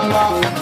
la la.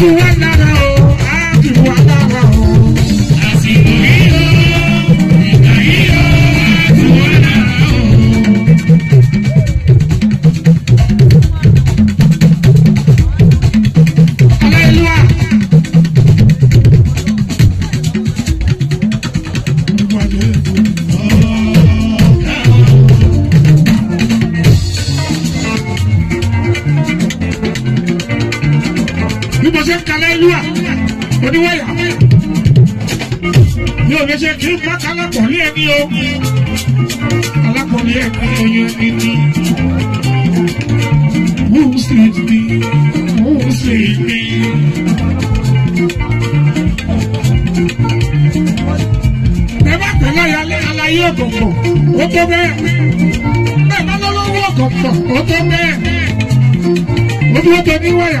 you ain't not jẹ́ kí mákàlá pọ̀ ní ẹni o alápọ̀ ní ẹni ẹyọ ẹni ní. Who saved me? Who saved me? Bẹ́ẹ̀ bá pẹ̀lú ayálé alayé ó tó bẹ́ẹ̀. Bẹ́ẹ̀ bá lọ́lọ́wọ́ ọ̀gọ̀gbọ̀, ó tó bẹ́ẹ̀. Ó dúró tó níwáyà.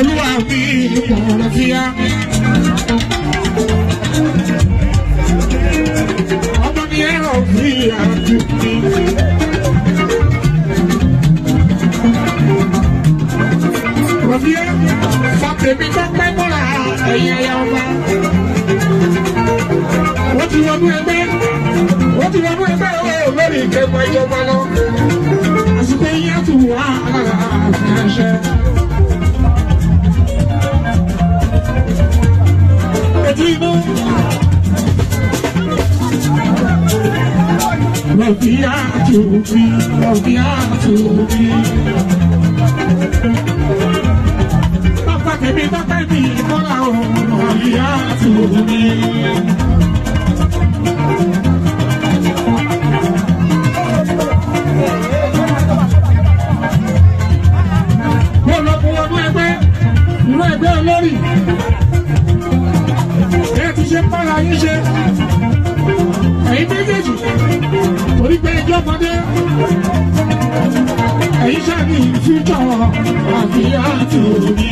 olúwa mi ipò rẹ̀ fíyá. ọmọ mi ẹ̀rọ mi àti mi. rọ̀bíyá fàtẹ̀mí tó pẹ́ mọ́ra ẹ̀yìn ẹ̀yà ọba. wọ́n ti wọnú ẹgbẹ́ wọ́n ti wọnú ẹgbẹ́ o lórí ìkẹ́kọ̀ọ́ ìjọba lọ. àsìkò yẹn ti wà á ṣe. Ladino. Love no attitude, love the attitude. Papa, give me that baby, call out, love the attitude. àbí àtòmí.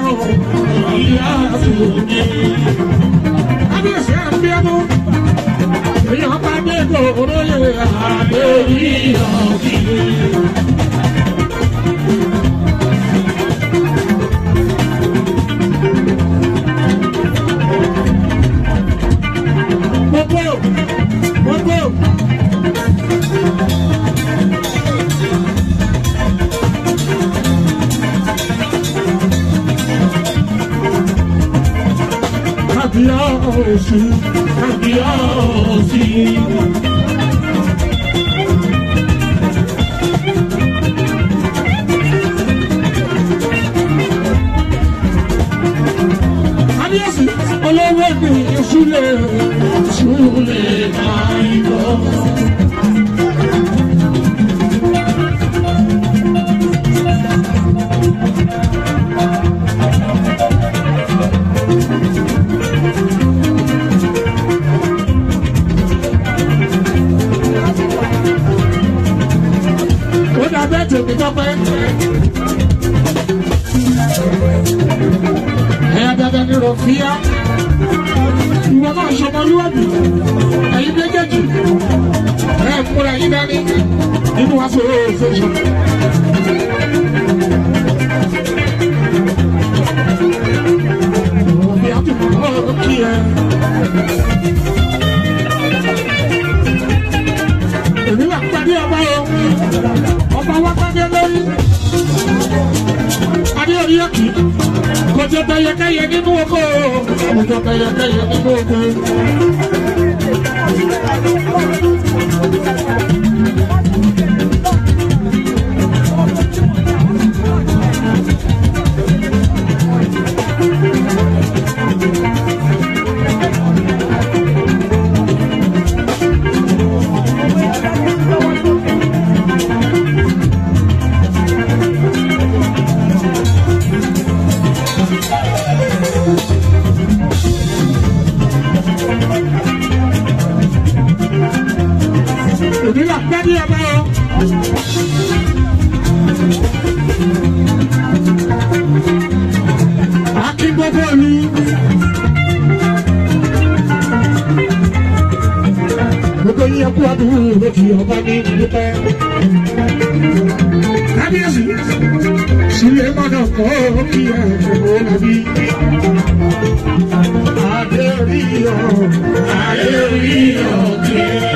I'm àtúndé. kábíyèsí àbíyámọ́ èèyàn bá dé Rabiosi, rabiosi. olówó mi ìṣúlẹ̀ ìṣúlẹ̀ máa ń lọ. to the government. Ẹ̀yà dada ni Rọ̀fíà. Ìwọ náà ṣọmọlúwàbí. Ẹ̀yin méjèèjì. Ẹ̀ múra yín dání. Inú wa sọ̀rọ̀ òfin. nínú oko àwùjọ kẹyẹkẹyẹ nínú oko. Thank you. bí ẹ̀fọ́ bí. Adé rí ọ̀, adé rí ọ̀ kí ẹ.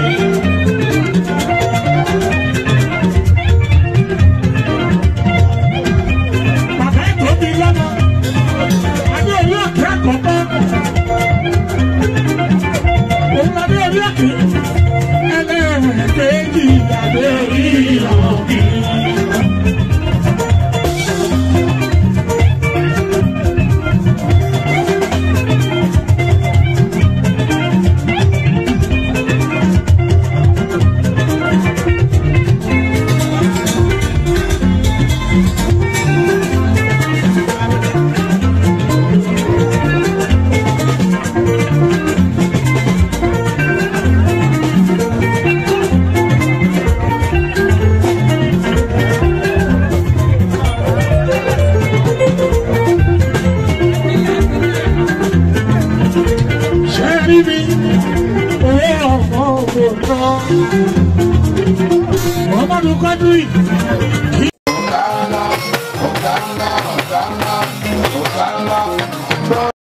Uy!